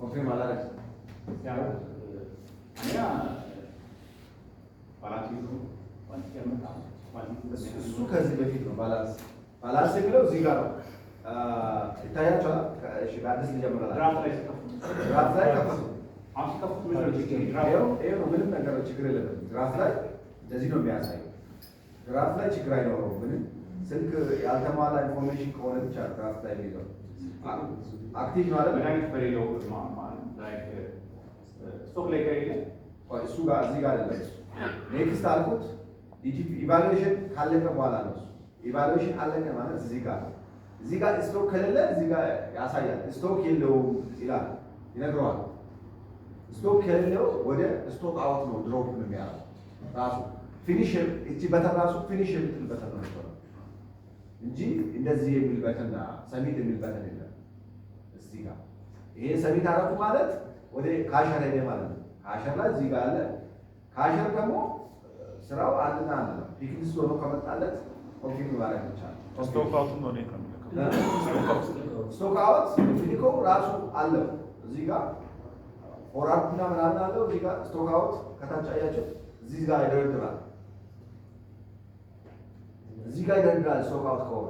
confirma Lares? እሱ ከዚህ በፊት ነው። ባላንስ ባላንስ የሚለው እዚህ ጋር ነው ይታያቸዋል። በአዲስ ልጀምራል። ድራፍት ላይ ከፈቱ። ምንም ነገር ችግር የለበትም። ድራፍት ላይ እንደዚህ ነው የሚያሳየው። ድራፍት ላይ ችግር አይኖረውም። ምንም ስልክ ያልተሟላ ኢንፎርሜሽን ከሆነ ብቻ ድራፍት ላይ የሚለው አክቲቭ ነው አይደል? መድኃኒት በሌለው ስቶክ ላይ ከሌለ እሱ ጋር እዚህ ጋር አይደለም። ኔክስት አልኩት ኢቫሉዌሽን ካለቀ በኋላ ነው። ኢቫሉዌሽን አለቀ ማለት እዚህ ጋር እዚህ ጋር ስቶክ ከሌለ እዚህ ጋር ያሳያል። ስቶክ የለውም ይላል ይነግረዋል። ስቶክ ከሌለው ወደ ስቶክ አውት ነው ድሮፕ ነው የሚያደርገው ራሱ ፊኒሽር እቺ በተራሱ ፊኒሽር የምትልበት ነው እንጂ እንደዚህ የሚልበትና በትና ሰሚት የሚል በተን የለም። እዚህ ጋር ይሄ ሰሚት አረፉ ማለት ወደ ካሸር ሄደ ማለት ነው። ካሸር ላይ እዚህ ጋር አለ። ካሸር ደግሞ ስራው አንድና አንድ ነው። ፒክኒስ ሆኖ ከመጣለት ኮንፊግ ማድረግ ይቻላል። ስቶካውት ነው ፊኒኮ ራሱ አለው። እዚህ ጋር ፎራርድና ምናምን አለው። እዚህ ጋር ስቶካውት ከታች አያቸው እዚህ ጋር ይደረድራል እዚህ ጋር ይደረጋል። ስቶክ አውት ከሆነ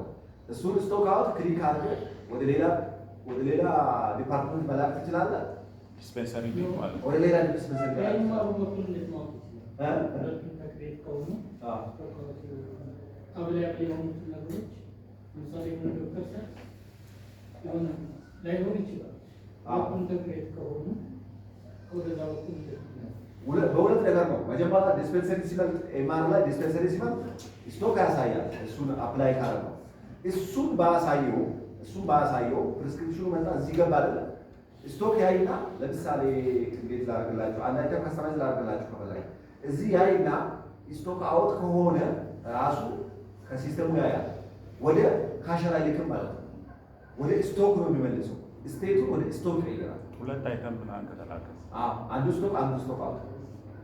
እሱን ስቶክ አውት ክሊክ አድርገህ ወደ ሌላ ወደ ሌላ ዲፓርትመንት መላክ ትችላለህ። ዲስፔንሰሪ ወደ ሌላ ዲስፔንሰሪ ማለት መጀመሪያ ዲስፔንሰሪ ሲባል ኤማኑ ላይ ዲስፔንሰሪ ሲባል ስቶክ ያሳያል። እሱን አፕላይ ካረ ነው እሱን ባሳየው እሱን ባሳየው ፕሪስክሪፕሽኑ መጣ እዚህ ገባ አይደለ ስቶክ ያይና፣ ለምሳሌ እንዴት ላደርግላችሁ አንድ አይተም ከስተማይዝ ላደርግላችሁ ከፈለገ እዚህ ያይና ስቶክ አውት ከሆነ ራሱ ከሲስተሙ ያያል ወደ ካሸራ ይልክም ማለት ነው። ወደ ስቶክ ነው የሚመልሰው። ስቴቱ ወደ ስቶክ ይቀይራል። ሁለት አይተም ምናምን ከተላከ አንዱ ስቶክ አንዱ ስቶክ አውት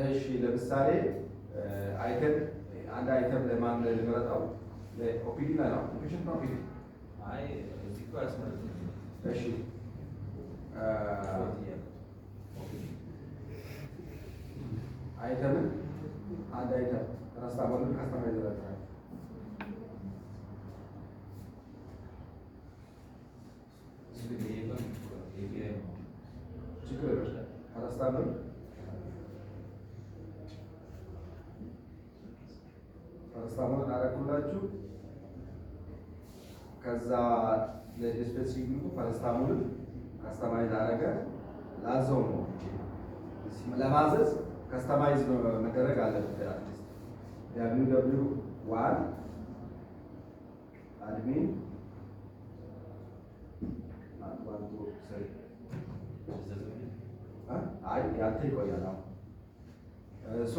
እሺ ለምሳሌ አይተም አንድ አይተም ለማን ልመረጠው? ለኦፒዲ ነው። ኦፕሽን ነው ኦፒዲ። አይ እዚህ ጋር አስመረጥ። እሺ አይተም አንድ አይተም ራስታ ወንድ ካስተማር ይዘራል ችግር ሳሙን አደረኩላችሁ። ከዛ ለስፔሲፊክ ነው ፓራስታሙል ካስተማይዝ አደረገ ላዘው ነው ለማዘዝ ካስተማይዝ መደረግ አለበት። አትሊስት ዳብሊው ዳብሊው ዋን አድሚን አይ ያንተ ይቆያል። አሁን ሶ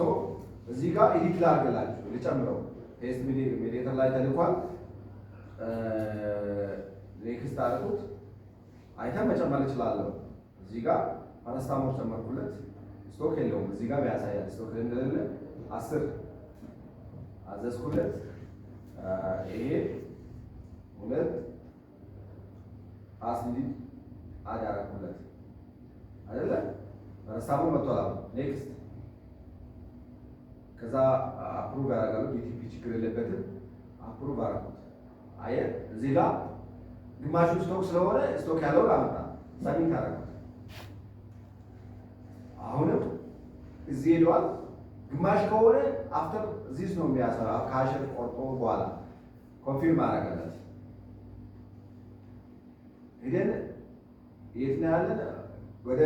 እዚህ ጋር ኢዲት ላድርግላችሁ ልጨምረው ቴስት ሚዲየተር ላይ ተልኳል። ኔክስት አደረኩት። አይተን መጨመር እችላለሁ። እዚህ ጋር ፓራስታሞል ጨመርኩለት። ስቶክ የለውም እዚህ ጋር ያሳያል ስቶክ እንደሌለ አስር አዘዝኩለት። ይሄ ሁለት አስሊድ አድ አደረኩለት አይደለ ፓራስታሞል መጥቷል። ኔክስት ከዛ አፕሩቭ ያደርጋሉ። ዲቲፒ ችግር የለበትም አፕሩቭ አደረጉት። አየ እዚህ ጋር ግማሹ ስቶክ ስለሆነ ስቶክ ያለው አመጣ ሰሚት አደረጉት። አሁንም እዚህ ሄደዋል። ግማሽ ከሆነ አፍተር ዚስ ነው የሚያሰራ ከአሸር ቆርጦ በኋላ ኮንፊርም አደረገለት። ሄደን የት ነው ያለን? ወደ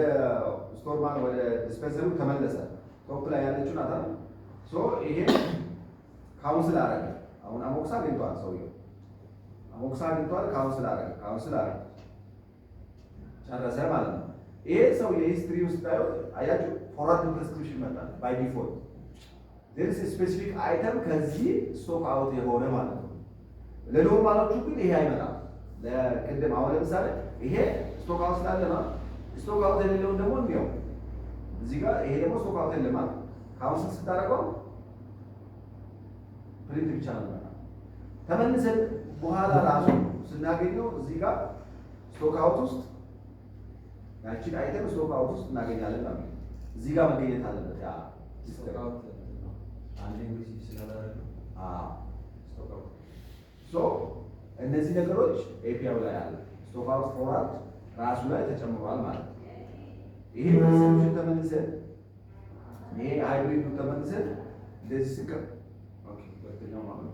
ስቶርማን ወደ ስፔንሰሩ ተመለሰ። ቶፕ ላይ ያለችውን አታ ይሄ ካውንስል አረገ። አሁን አሞክሳ አግኝቷል፣ ሰውየው አሞክሳ አግኝቷል። ካውንስል አረገ፣ ካውንስል አረገ፣ ጨረሰ ማለት ነው። ይሄ ሰው የሂስትሪ ውስጥ ታዩ አያችሁ፣ ፎርዋርድ ፕሪስክሪፕሽን መጣል ባይ ዲፎልት ዚስ ስፔሲፊክ አይተም ከዚህ ስቶክ አውት የሆነ ማለት ነው። ለኖርማሎቹ ግን ይሄ አይመጣም። ለቅድም አሁን ለምሳሌ ይሄ ስቶክ አውት ስላለ ነው። ስቶክ አውት የሌለውን ደግሞ እንዲያው እዚህ ጋር ይሄ ደግሞ ስቶክ አውት የለም ማለት ሀውስን ስታደርገው ፕሪንት ብቻ ነው። ተመልሰን በኋላ ራሱ ስናገኘው እዚህ ጋር ስቶክ አውት ውስጥ ያቺን አይተም ስቶክ አውት ውስጥ እናገኛለን ማለት እዚህ ጋር መገኘት አለበት። ያ ሶ እነዚህ ነገሮች ኤፒያው ላይ አለ። ስቶክ አውት ፎርዋርድ ራሱ ላይ ተጨምሯል ማለት ነው። ይሄ ተመልሰን ይሄ ሃይብሪድ ነው። እንደዚህ ኦኬ፣ ማለት ነው።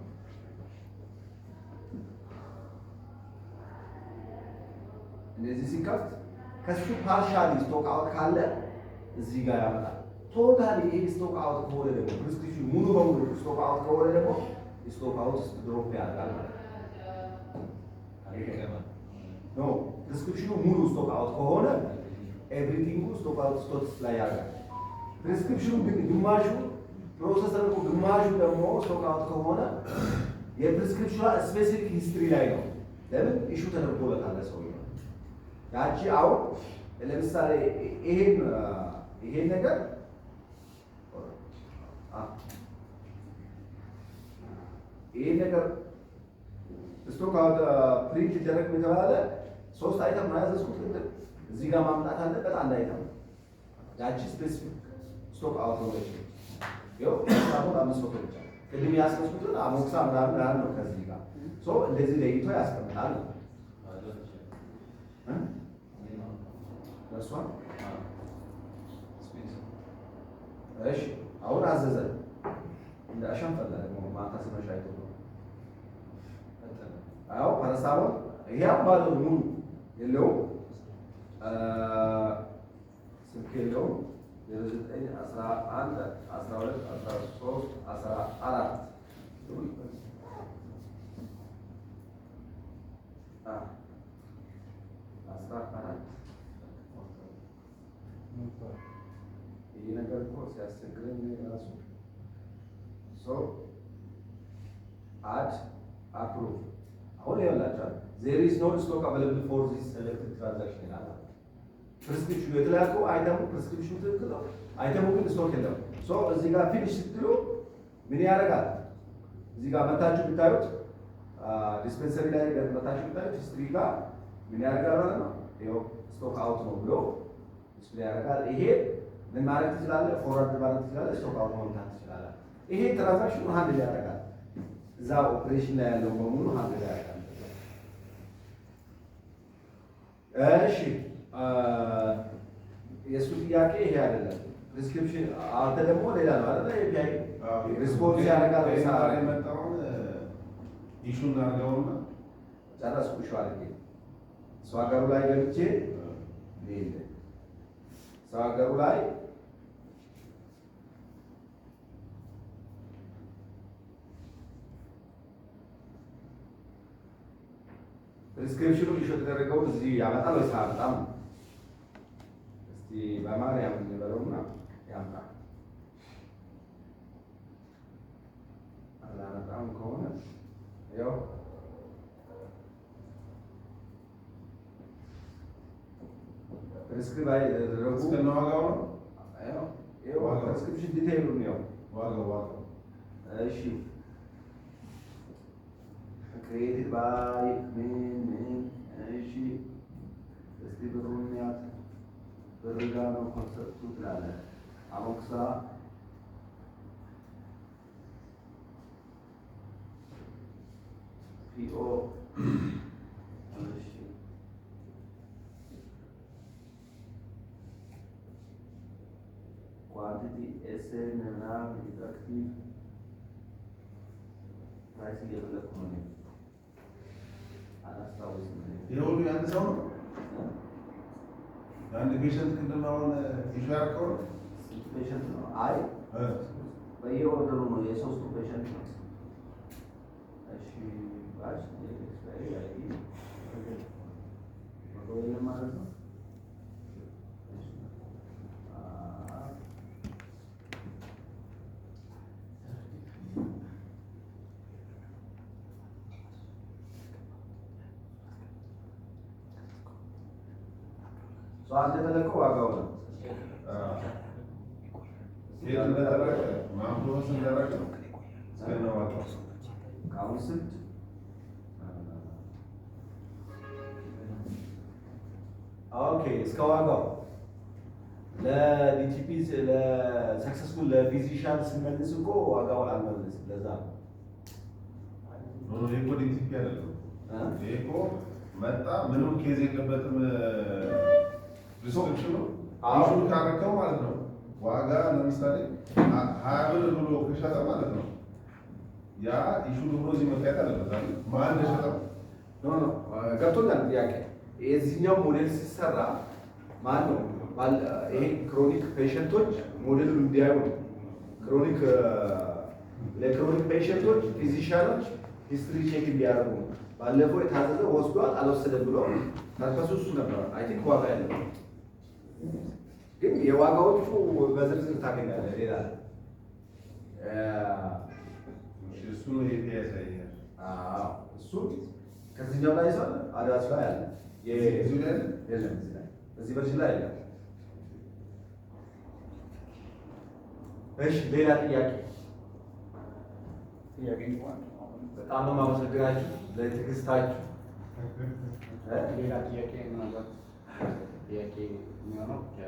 እንደዚህ ሲከፍት ከሱ ፓርሻሊ ስቶክ አውት ካለ እዚህ ጋር ያመጣል። ቶታሊ ይሄ ስቶክ አውት ከሆነ ደግሞ ፕሪስክሪፕሽን ሙሉ በሙሉ ስቶክ አውት ከሆነ ደግሞ ስቶክ አውት ድሮፕ ያደርጋል ማለት ነው። ፕሪስክሪፕሽኑ ሙሉ ስቶክ አውት ከሆነ ስቶክ አውት ስቶክስ ላይ ያደርጋል። ፕሪስክሪፕሽኑ ግን ግማሹ ፕሮሰሰር እኮ ግማሹ ደግሞ ሶቃውት ከሆነ የፕሪስክሪፕሽኑ ስፔሲፊክ ሂስትሪ ላይ ነው። ለምን ኢሹ ተደርጎለታል ሰውዬው። ያቺ አሁን ለምሳሌ ይሄን ይሄን ነገር ይሄን ነገር ስቶክ አውት ፕሪንት ሊደረግ የተባለ ሶስት አይተም ነው ያዘዝኩት። ቅድም እዚህ ጋር ማምጣት አለበት አንድ አይተም ያቺ ስፔሲፊክ ስቶክ አውቶሎጂ ያው ሳቦን አምስት መቶ ብቻ ቅድም ያስቀምጡት አሞክሳ ምናምን ምናምን ነው። ከዚህ ጋር ሶ እንደዚህ ለይቶ ያስቀምጣል። ደርሷል። እሺ አሁን አዘዘ እንደ አሻም ፈለገ ነው ማታ ስመሻይቶ አዎ ፈረሳቦን ይሄ አባሉ ሙሉ የለውም አራት አስራ አራት ይህ ነገር እኮ ሲያስቸግረኝ ራሱ አድ አፕሩቭ አሁን ይሆንላቸዋል። ዜር ኢዝ ኖ ስቶክ አቬለብል ፎር ዚስ ሴሌክትድ ትራንዛክሽን ይላል። ፕሪስክሪፕሽኑ የተላከው አይተሙ ፕሪስክሪፕሽኑ ትክክል ነው። አይተሙ ግን ስቶክ የለም። እዚህ ጋር ፊኒሽ ስትሉ ምን ያደርጋል? እዚህ ጋር መታችሁ ብታዩት ዲስፔንሰሪ ላይ መታችሁ ብታዩት ስትሪ ጋር ምን ያደርጋል ማለት ነው። ይኸው ስቶክ አውት ነው ብሎ ዲስፕሌይ ያደርጋል። ይሄ ምን ማለት ትችላለህ? ፎርዋርድ ማለት ትችላለህ፣ ስቶክ አውት መምታት ትችላለህ። ይሄ ትራንዛክሽኑ ሀንድል ያደርጋል። እዛ ኦፕሬሽን ላይ ያለው በሙሉ ሀንድል ያደርጋል። እሺ የእሱ ጥያቄ ይሄ አይደለም። ዲስክሪፕሽን አንተ ደግሞ ሌላ ነው አይደል? ኤፒአይ ሪስፖንስ ያደርጋል ወይ ሳራ የመጣውን ኢሹ እንዳደረገውና ጨረስኩ። ኢሹ አለ ሰው ሀገሩ ላይ ገብቼ ሌለ ሰው ሀገሩ ላይ ፕሪስክሪፕሽኑ ኢሹ የተደረገው እዚህ ያመጣል ወይ ሳራ በጣም እስቲ በማርያም እንበለውና andar. Alana Brown Connors, eu. Prescreva aí, eu vou te o uma aula. Eu, eu, eu, eu, eu, eu, é eu, eu, eu, eu, eu, men desselben Erwerb ist aktiv 30-jähriger Kommunist. ಇರೋರು ಯಾರು ಸರ್ ನಾನು ಪೇಷಂಟ್ ಕಿಂತ ನಾವು ವಿಶ್ವಾರ ಹಾಕೋರು ಪೇಷಂಟ್ ಆಯ್ ಬೈಯೋ ಅವರು ಯಶಸ್ಸು ಪೇಷಂಟ್ ಅಷ್ಟು ಭಾಷೆ በአንድ ተለቀ ዋጋው ነው። ሴት እንደደረቀ ማንጎስ እንደደረቀ ስንት ኦኬ እስከ ዋጋው ለዲቲፒ ለሰክሰስፉል ለፊዚሻን ስንመልስ እኮ ዋጋውን አልመልስ። ለዛ ነው እኮ ዲቲፒ አይደለም። እኮ መጣ ምንም ኬዝ የለበትም። አሁን ካረከው ማለት ነው። ዋጋ ለምሳሌ ሀያ ብር ብሎ ከሸጠ ማለት ነው ያ ኢሹ ብሎ እዚህ መታየት አለበት። ማን ሸጠው ገብቶኛል። ጥያቄ የዚህኛው ሞዴል ሲሰራ ማን ነው ይሄ ክሮኒክ ፔሽንቶች ሞዴሉን እንዲያዩ ክሮኒክ ለክሮኒክ ፔሽንቶች ፊዚሻኖች ሂስትሪ ቼክ እንዲያደርጉ ባለፈው የታዘዘ ወስዷል አልወሰደም ብሎ ተርከሱ እሱ ነበር አይ ቲንክ ዋጋ ያለው ግን የዋጋዎቹ በዝርዝር ታገኛለህ። ሌላ እሱ እሱ ከዚህኛው ላይ ሰው አዳስ ላይ አለ። የለም እዚህ በርሽ ላይ አለ። እሺ ሌላ ጥያቄ ጥያቄ በጣም ነው የማመሰግናችሁ ለትዕግስታችሁ። ሌላ ጥያቄ ምናልባት Яки не робить, а